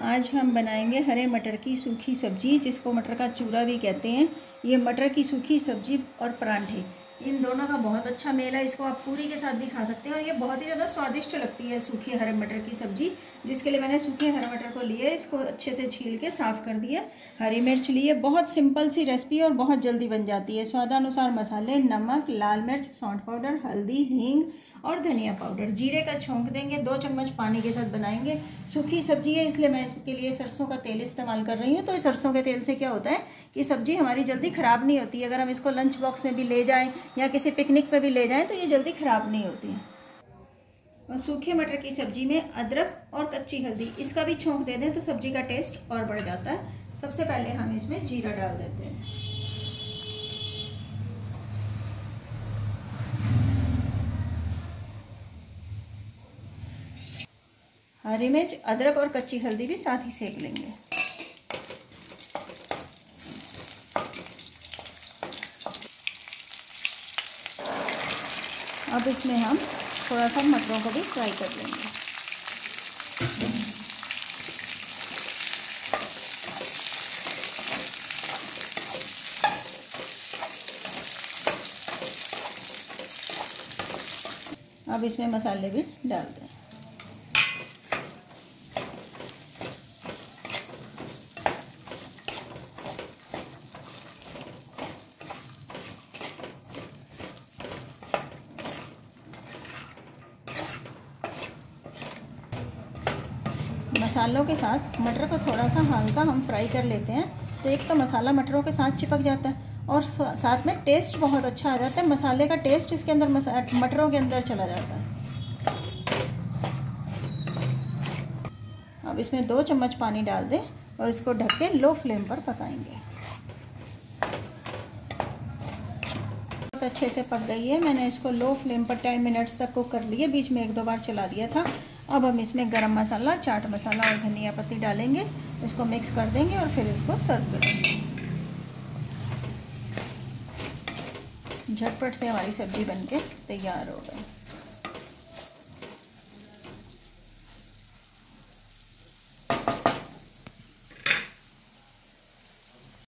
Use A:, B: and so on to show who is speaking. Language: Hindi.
A: आज हम बनाएंगे हरे मटर की सूखी सब्जी जिसको मटर का चूरा भी कहते हैं ये मटर की सूखी सब्जी और परांठे इन दोनों का बहुत अच्छा मेल है इसको आप पूरी के साथ भी खा सकते हैं और ये बहुत ही ज़्यादा स्वादिष्ट लगती है सूखे हरे मटर की सब्ज़ी जिसके लिए मैंने सूखे हरे मटर को लिए इसको अच्छे से छील के साफ़ कर दिया हरी मिर्च लिए बहुत सिंपल सी रेसिपी और बहुत जल्दी बन जाती है स्वादानुसार मसाले नमक लाल मिर्च सौंठ पाउडर हल्दी हींग और धनिया पाउडर जीरे का छोंक देंगे दो चम्मच पानी के साथ बनाएंगे सूखी सब्जी है इसलिए मैं इसके लिए सरसों का तेल इस्तेमाल कर रही हूँ तो सरसों के तेल से क्या होता है कि सब्जी हमारी जल्दी ख़राब नहीं होती अगर हम इसको लंच बॉक्स में भी ले जाएँ या किसी पिकनिक पे भी ले जाएं तो ये जल्दी ख़राब नहीं होती हैं और सूखे मटर की सब्ज़ी में अदरक और कच्ची हल्दी इसका भी छोंक दे दें तो सब्ज़ी का टेस्ट और बढ़ जाता है सबसे पहले हम इसमें जीरा डाल देते हैं हरी मिर्च अदरक और कच्ची हल्दी भी साथ ही सेक लेंगे अब इसमें हम थोड़ा सा मटरों को भी फ्राई कर लेंगे अब इसमें मसाले भी डाल दें मसालों के साथ मटर को थोड़ा सा हल्का हम फ्राई कर लेते हैं तो एक तो मसाला मटरों के साथ चिपक जाता है और साथ में टेस्ट बहुत अच्छा आ जाता है मसाले का टेस्ट इसके अंदर मटरों के अंदर चला जाता है अब इसमें दो चम्मच पानी डाल दें और इसको ढक के लो फ्लेम पर पकाएंगे बहुत अच्छे से पक गई है मैंने इसको लो फ्लेम पर टेन मिनट्स तक कुक कर लिए बीच में एक दो बार चला दिया था अब हम इसमें गरम मसाला चाट मसाला और धनिया पत्ती डालेंगे इसको मिक्स कर देंगे और फिर इसको सर्व करेंगे झटपट से हमारी सब्ज़ी बनके तैयार हो गई